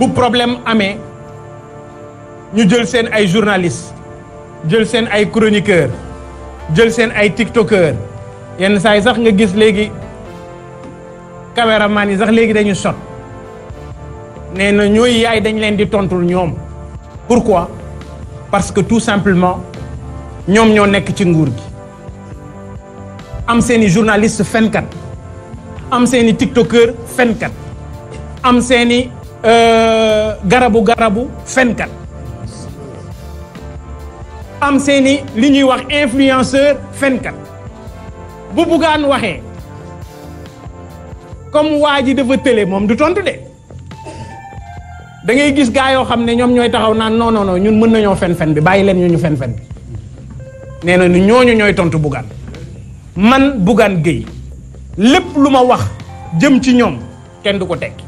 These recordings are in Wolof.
bu problème amee ñu jël seen ay journaliste jël seen ay chroniqueur jël seen ay tiktokers yenn saa sax nga gis léegi caméraman yi sax léegi dañu sot nee na ñooy yaay dañ leen di tontul ñoom pourquoi parce que tout simplement ñoom ñoo nekk ci nguur gi am seeni journaliste fenkat am seeni tiktokeur fenkat am seeni Euh, garabu garabu fenkat am seeni li ñuy wax influenceur fenkat bu buggaan waxee comme waa ji dafa tële moom du tontu de da gis gaa yoo xam ne ñoom ñooy taxaw naan non ñun mën nañoo fenfen fen bi bàyyi leen ñu ñu fen-fen bi nee na ñu ñooñu ñooy tontu buggaan man buggaan géy lépp lu ma wax jëm ci ñoom kenn du ko tekki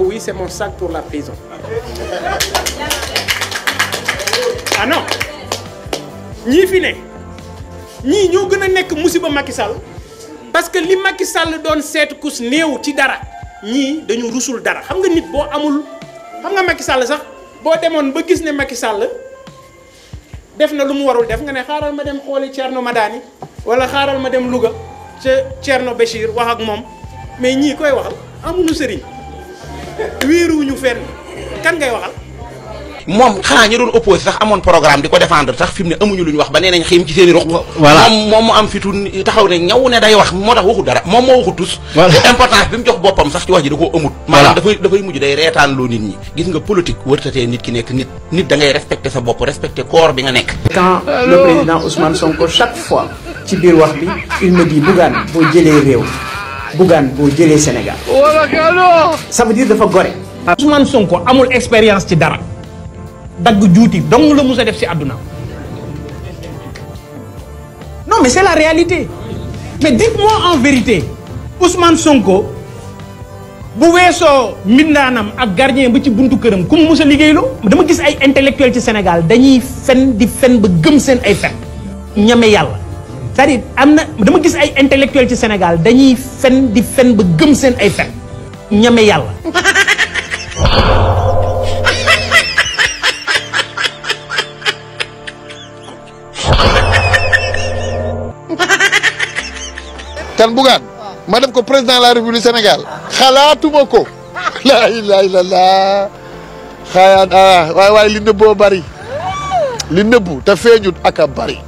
oui c'est mon sac pour la prison ah non ni fi ni ñii ñoo musiba Macky parce que li Macky donne cette cous kus vous ci dara ñi dañu rusul dara xam nga nit bo amul xam nga Macky sax bo ba gis ne Macky def na lu mu warul def nga ne xaaral ma dem Madani wala xaaral ma dem Louga ci wax ak mom mais ñi koy waxal de sëriñ. wéeruñu fenn kan ngay waxal. moom xanaa ñu doon opposé sax amoon programme di ko défendre sax fi mu ne amuñu lu ñu wax ba nee nañ ci seen i voilà moom moom am fitu taxaw ne ñaw ne day wax moo tax waxu dara moom moo waxu tus. importance bi mu jox boppam sax ci wax ji da koo amut. maanaam dafay dafay mujj day reetaan loo nit ñi. gis nga politique wërtatee nit ki nekk nit nit da ngay respecté sa bopp respecté corps bi nga nekk. quand le président Ousmane Sonko chaque fois ci biir wax bi il me dit Bougane boo jëlee réew bugan bu jëlee Sénégal. wala kano. ça veut dire dafa gore. Ousmane Sonko amul experience ci dara dag juuti dong lu musa def ci aduna non mais c'est la réalité mais dites-moi en vérité Ousmane Sonko bu weso mbindaanam ak gardien bu ci buntu keureum ku musa mus a dama gis ay intellectuel ci senegal dañuy fen di fen ba gem sen ay fen ñame yalla c'est-à-dire am na dama gis ay intellectuel ci Sénégal dañuy fen di fen ba gëm seen ay fen ñame yàlla kan bugaan ma def ko président de la république Sénégal xalaatuma ko laa ilaaha illallaah xayaat ah waay waay li nëbboo bari li nëbbu te feeñut ak bari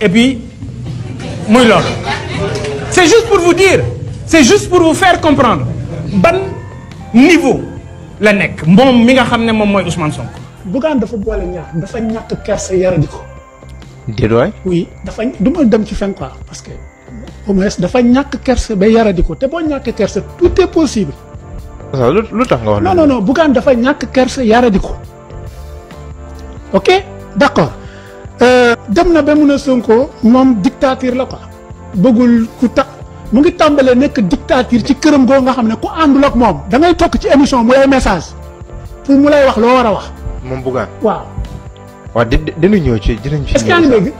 et puis muy loolu c'est juste pour vous dire c'est juste pour vous faire comprendre ban niveau la nekk moom mi nga xam ne moom mooy Ousmane Sonko. Bougane dafa boole ñaar dafa ñàkk yara diko. ko. déedéet oui dafa du ma dem ci fen quoi parce que au moins dafa ñàkk kersa ba yara diko. te boo ñàkk kersa tout est possible. lu tax nga wax. non non non Bougane dafa ñàkk kersa yara diko. ok d'accord. Euh, dem na ba mun a Sonko moom dictature la quoi bëggul ku ta mu ngi tàmbalee nekk dictature ci këram goo nga xam ne ku àndul ak moom da ngay toog ci émission mu lay message pour mu lay wax loo war a wax. moom Bougane waaw. waa di dinañ ñëw ci dinañ ci. est-ce que yaa ngi dégg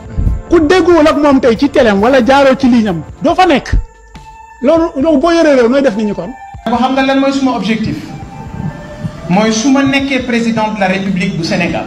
ku dégguwul ak moom tey ci teleem wala jaaroo ci ligne am doo fa nekk loolu loolu boo yoree réew nooy def nit ñi kon. ko xam nga lan mooy suma objectif mooy su ma nekkee président de la république bu Sénégal.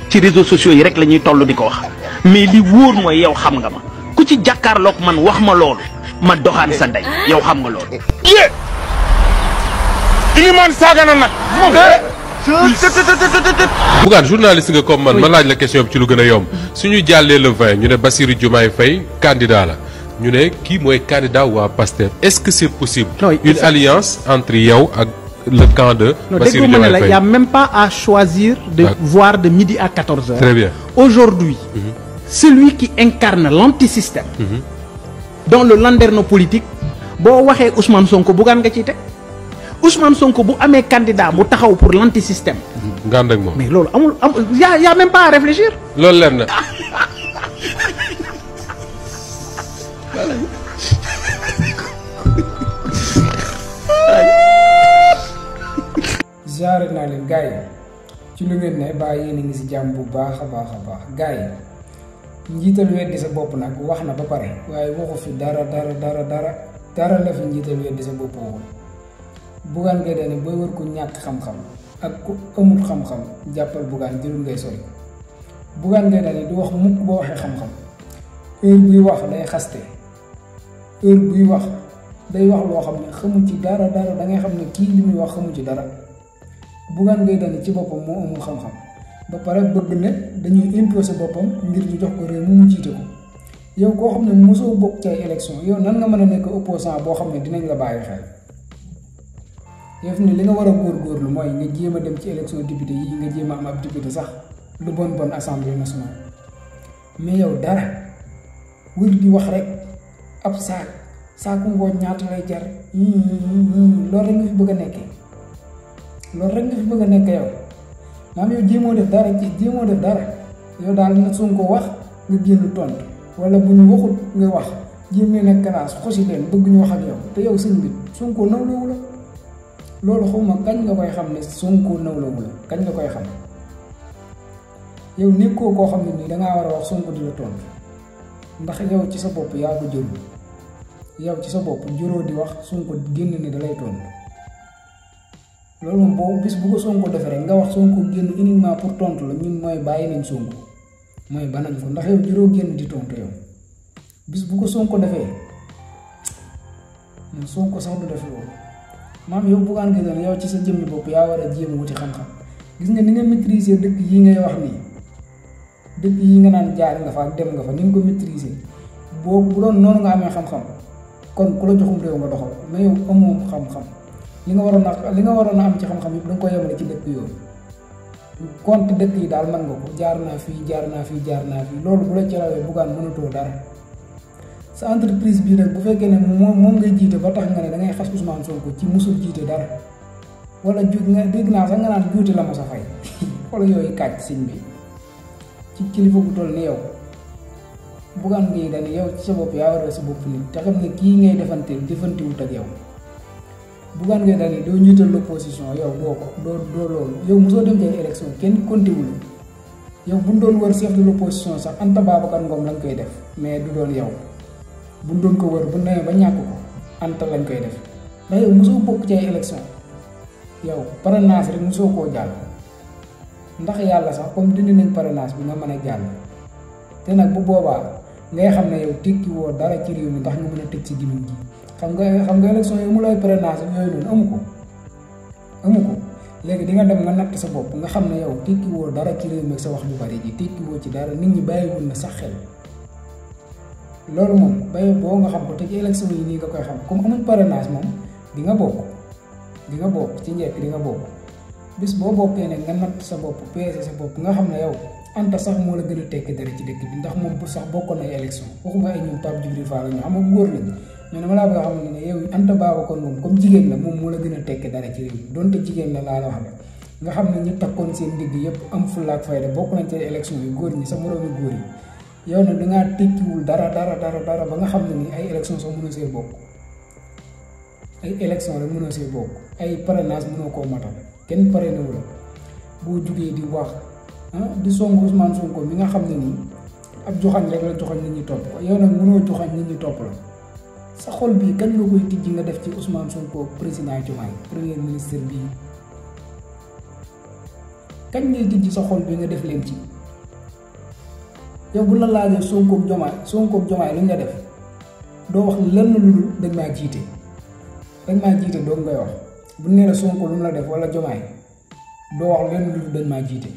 ci réseaux sociaux yi rek la ñuy toll di ko wax mais li wóor mooy yow xam nga ma ku ci jàkkaarlook man wax ma loolu ma doxaan sa ndey yow xam nga loolu. yé Ilimane na nag. Bougane journaliste nga comme man ma laaj la question bi ci lu gën yomb suñu jàllee le ñu ne Bassirou Diomaye Faye candidat la ñu ne kii mooy candidat waa Pastef est-ce que c'est possible. une alliance entre yow ak. le camp de Il n'y a même pas à choisir de ah. voir de midi à 14h. Aujourd'hui, mhm. celui qui incarne l'antisystème mm dans le landerno politique, vous parlez Ousmane Sonko nga Ousmane Sonko un candidat pour l'antisystème. système mhm. mais a même pas à réfléchir. C'est ça ziaré na len gay ci lu ngeen ne ba yéen ngi si jàmm bu baakha baakha baax gay njital gars sa bop nak waxna ba paré waaye waxu fi dara dara dara dara dara la fi njital weddi sa bopp waxul bugaan ngay dane boy wër ko ñak xam-xam ak ku amul xam-xam jàppal bugan jëru ngay sori bugaan ngay dane du wax mukk boo waxe xam-xam heure buy wax day xaste heure buy wax day wax lo xam ne xamu ci dara dara da ngay xam ne limi wax xamu ci dara Bougane Gueye Dany ci bopam mo amul xam-xam ba pare bëgg ne dañuy imposer bopam ngir ñu jox ko réew mu jité ko yow ko xamne ne mosoo ci élection yow nan nga mëna nek opposant bo xamne dinañ la bayyi xel yow fi li nga war gor góorgóorlu mooy nga jéem a dem ci élection député yi nga jema am ab député sax lu bon bon assemblée nationale mais yow dara wul di wax rek ab sa ko ngoo ñaata lay jar lo rek nga bëgg a loolu rek nga fi bëgg a nekk yow maam yow jéemoo def dara ci jéemoo def dara yow daal na suñ ko wax nga génn tontu wala bu ñu waxut nga wax jéem leen ak kalaas xosi leen bëgg ñu wax ak te yow sëñ bi Sonko nawlewu la loolu xaw ma kañ nga koy xam ne Sonko nawlewu la kañ nga koy xam yow nekkoo koo xam ne nii dangaa war a wax Sonko di la tontu ndax yow ci sa bopp yaa ko jël yow ci sa bopp juróo di wax Sonko génn ne dalay tontu. loolu moom boobu bis bu ko Sonko defee nga wax Sonko génn uniquement pour tontu la ñun mooy bàyyi nañ Sonko mooy banañ ko ndax yow génn di tontu yow bis bu ko Sonko defee ñun Sonko sax du def yow Bougane Gueye yow ci sa jëmmi bopp yaa war a jéem wuti xam-xam gis nga ni nga maîtriser dëkk yi ngay wax nii dëkk yi nga naan jaar nga fa ak dem nga fa ni nga ko maîtriser boobu bu doon noonu nga amee xam-xam kon ku la joxum réew nga doxal mais yow amoo xam-xam. li nga waroon a li nga waroon a am ci xam-xam yëpp da nga ko yemale ci dëkk yooyu compte dëkk yi daal man nga ko jaar naa fii jaar naa fii jaar naa fii loolu bu la ci rawee bugaan mënatoo dara sa entreprise bi nag bu fekkee ne moom moom ngay jiite ba tax nga ne da ngay xas Ousmane Sonko ci musul jiite dara wala ju nga dégg naa sax nga naan juuti la ma sa fay wala yooyu kàcc siñ bi ci kilifa bu toll ni yow bugaan ngay dañ yow ci sa bopp yaa war sa bopp nit te xam ne kii ngay defante wut ak yow bukan Gueye Dany do ñittal l'opposition yow ya do ko do do lo yow ya muso dem ci ay élection kenn wul yow ya bu ndon wër chef de l'opposition sax Anta babakar Ngom lañ koy def mais du doon yow bu ndon ko wër bu ne ba ñak ko Anta lañ koy def mais nah, yow mosoo bok ci ay élection yow parrainage rek mosoo ko jall ndax yalla sax comme dindi nañ parrainage bi nga mëna jall té nak bu boba ngay xamné yow tekki wo dara ci réew mi ndax nga mëna tek ci gimiñ gi xam nga xam nga élection yi mu lay parrainage ak yooyu noonu amu ko amu ko léegi di nga dem nga natt sa bopp nga xam ne yow tekkiwoo dara ci réew mi sa wax bu bari ji tekkiwoo ci dara nit ñi bàyyiwul na sax xel loolu moom boo nga xam ko te ci élection yi nii nga koy xam comme amuñ parrainage moom di nga bokk di nga bokk ci di nga bokk bis boo bokkee ne nga natt sa bopp peese sa bopp nga xam ne yow anta sax moo la gën a tekki dara ci dëkk bi ndax moom sax bokkoon élection waxuma ay Pape Djibril Fall ñu xam góor ne dama laa bëgg ne yow Anta Babacar moom comme jigéen la moom moo la gën a tekk dara ci réew donte jigéen la laa la wax nga xam ne ñu takkoon seen digg yëpp am fulaak fayda bokk nañ ci élection yi góor ñi sa moroomi góor yi yow nag dangaa tekkiwul dara dara dara dara ba nga xam ne ni ay élection sax mënoo see bokk ay élection rek mënoo see bokk ay parrainage mënoo koo matal kenn parrainé wu boo jugee di wax ah, di song Ousmane Sonko mi nga xam ne nii ab joxañ rek la joxañ nit ñi topp yow nag mënoo joxañ nit ñi topp la sa xol bi kan nga koy tijji nga def ci Ousmane Sonko président Diomaye premier ministre bii kañ ngay tijji sa xol bi nga def leen ci yow bu la laajee Sonkoog Diomaye Sonkoog Diomaye lu nga def doo wax lenn lu dul dañ maa jiite dañ maa jiite doo ngay wax bu nee la Sonko lu la def wala Diomaye doo wax lenn lu dul dañ maa jiite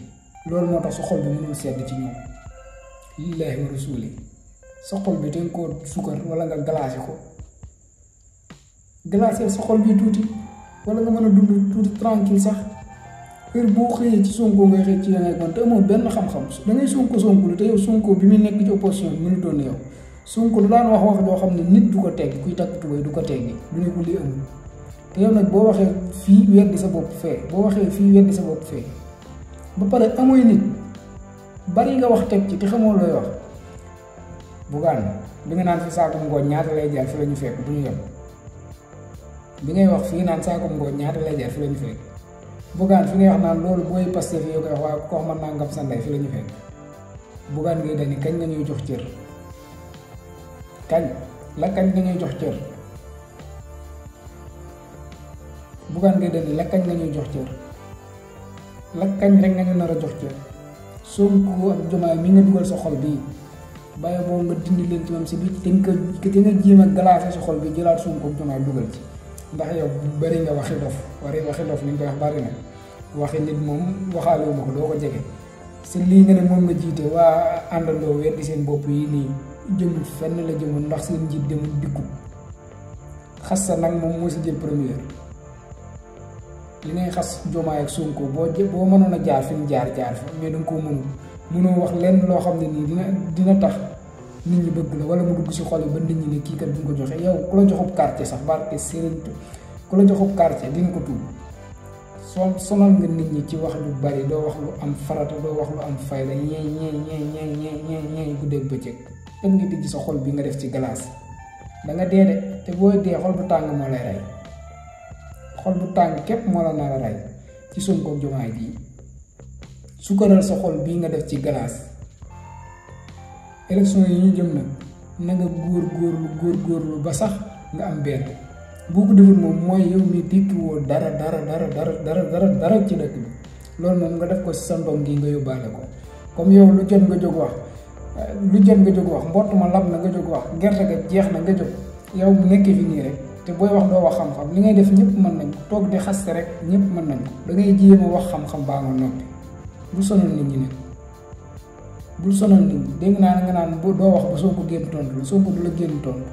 loolu moo tax sa xol bi mënul sedd ci ñoom lillaahi wa rasuuli sa xol bi dañ koo sukkar wala nga glace ko glacé sa xol bi tuuti wala nga mën a dund tuuti tranquille sax heure boo xëyee ci sonko ngay xëy ci la ngay te amoo benn xam-xam da ngay sonko sonko lu te yow sonko bi muy nekk ci opposition bi mu doon yow sonko lu daan wax wax joo xam ne nit du ko tegg kuy takk tubéy du ko teggi du ne ko lii amul te yow nag boo waxee fii di sa bopp fee boo waxee fii di sa bopp fee ba pare amooy nit bari nga wax teg ci te xamoo looy wax bugaan bi nga naan fi saako ngooñ ñaata lay ñu bu ñu yem bi ngay wax fii naan saakum ngo ñaar lay jar fi lañu ñu bu gan fi ngay wax naan loolu booy Pastef yow koy wax ko koo xam nangam sa ndey fi lañu ñu bu gan ngay dañi kañ nga ñuy jox cër kañ la kañ nga ñuy jox cër gan ngay dañi la kañ nga ñuy jox cër la kañ rek nga ñu nara a jox cër ko ak juma mi nga duggal sa xol bi baye boobu nga dindi leen ci moom ci bi te nga jima nga glacé sa xol bi jëlaat Sonko ko juma duggal ci ndax yow bëri nga waxi dof wari waxi dof ni nga wax bari nit moom waxaale wu ma ko doo ko jege si lii nga ne moom nga jiite waa àndandoo di seen bopp yi nii jëmul fenn la jëmul ndax seen njiit demul dikku xas sa nag moom moo si jël première li ngay xas Diomaye ak Sonko boo jë boo mënoon a jaar fi mu jaar jaar fa koo mënul mënoo wax lenn loo xam ne nii dina dina tax. nit ñi bëgg la wala mu dugg ci xol yi ba nit ñi ne kii kat duñ ko joxe yow ku la joxub quartier sax barke sëriñ ku la joxub quartier di ko tuub soo sonal nga nit ñi ci wax lu bari doo wax lu am farata doo wax lu am fayda ñeey ñeey ñeey ñeey ñeey ñeey ñeey guddeeg bëccëg ëg nga dijj sa xol bi nga def ci glace da nga dee de te booy dee xol bu tàng moo lay rey xol bu tàng képp moo la nar a rey ci suñ ko jumaa ji sukaral sa xol bii nga def ci glace élection yi ñu jëm nag na nga góor góorlu góor góorlu ba sax nga am benn boo ko deful moom mooy yow mi tekki woo dara dara dara dara dara dara dara ci dëkk bi loolu moom nga def ko si sa ndom gi nga yóbbaale ko comme yow lu jot nga jóg wax lu jot nga jóg wax mbott ma lab na nga jóg wax gerte ga jeex na nga jóg yow mu fi nii rek te booy wax doo wax xam-xam li ngay def ñëpp mën nañ toog di xaste rek ñëpp mën nañ da ngay jéem a wax xam-xam baa nga noppi bu sonal nit ñi nag bul sonal nit gitu. deng dégg nga naan bu do wax ba sonko génn tontu la sonko du la génn tontu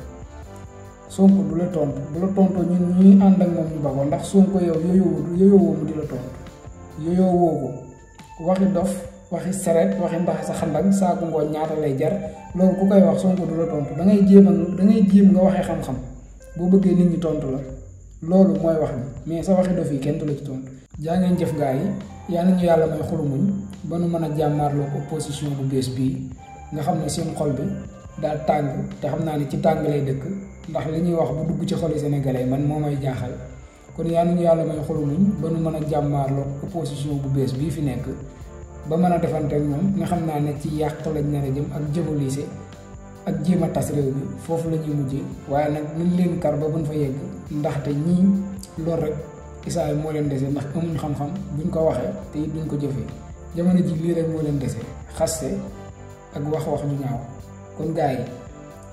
sonko du la tontu bu la tontoo ñun ñi and ak mom ñu bago ndax sonko yow yoyo yoyoo mu di la tontu yoyo woo ko waxi dof waxi seret waxi ndax sa xandang ko ngo ñaata lay jar loolu ku koy wax sonko du la tontu da ngay jéem a da ngay jéem nga waxee xam-xam boo bëgge nit ñi tontu la loolu moy wax ni mais sa waxi dof yi kenn du la ci tontu ja ngeen jëf gaay yi yaa nañu yalla may xulu muñ ba nu mën a jàmmaarloog opposition bu bees bii nga xam ne seen xol bi daa tàng te xam naa ne ci tàng lay dëkk ndax li ñuy wax bu dugg ci xoli sénégalais man moo may jaaxal kon yaa ñu yàlla may xolu muñ ba nu mën a jàmmaarloo opposition bu bees bii fi nekk ba mën a defante ak ñoom nga xam naa ne ci yàq lañ nar a jëm ak jëbalise ak jéem a tas réew mi foofu la ñuy mujjee waaye nag nañ leen kar ba buñ fa yegg ndaxte ñii loolu rek isaay moo leen dese ndax amuñ xam buñ ko waxee te it duñ ko jëfee. jamono ji lii rek moo leen dese xaste ak wax-wax ñu ñaaw kon gars yi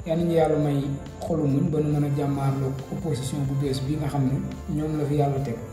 yal nañu yàlla may xolu muñ ba nu mën a jàmmaarloog opposition bu bees bi nga xam ne ñoom la fi yàlla teg.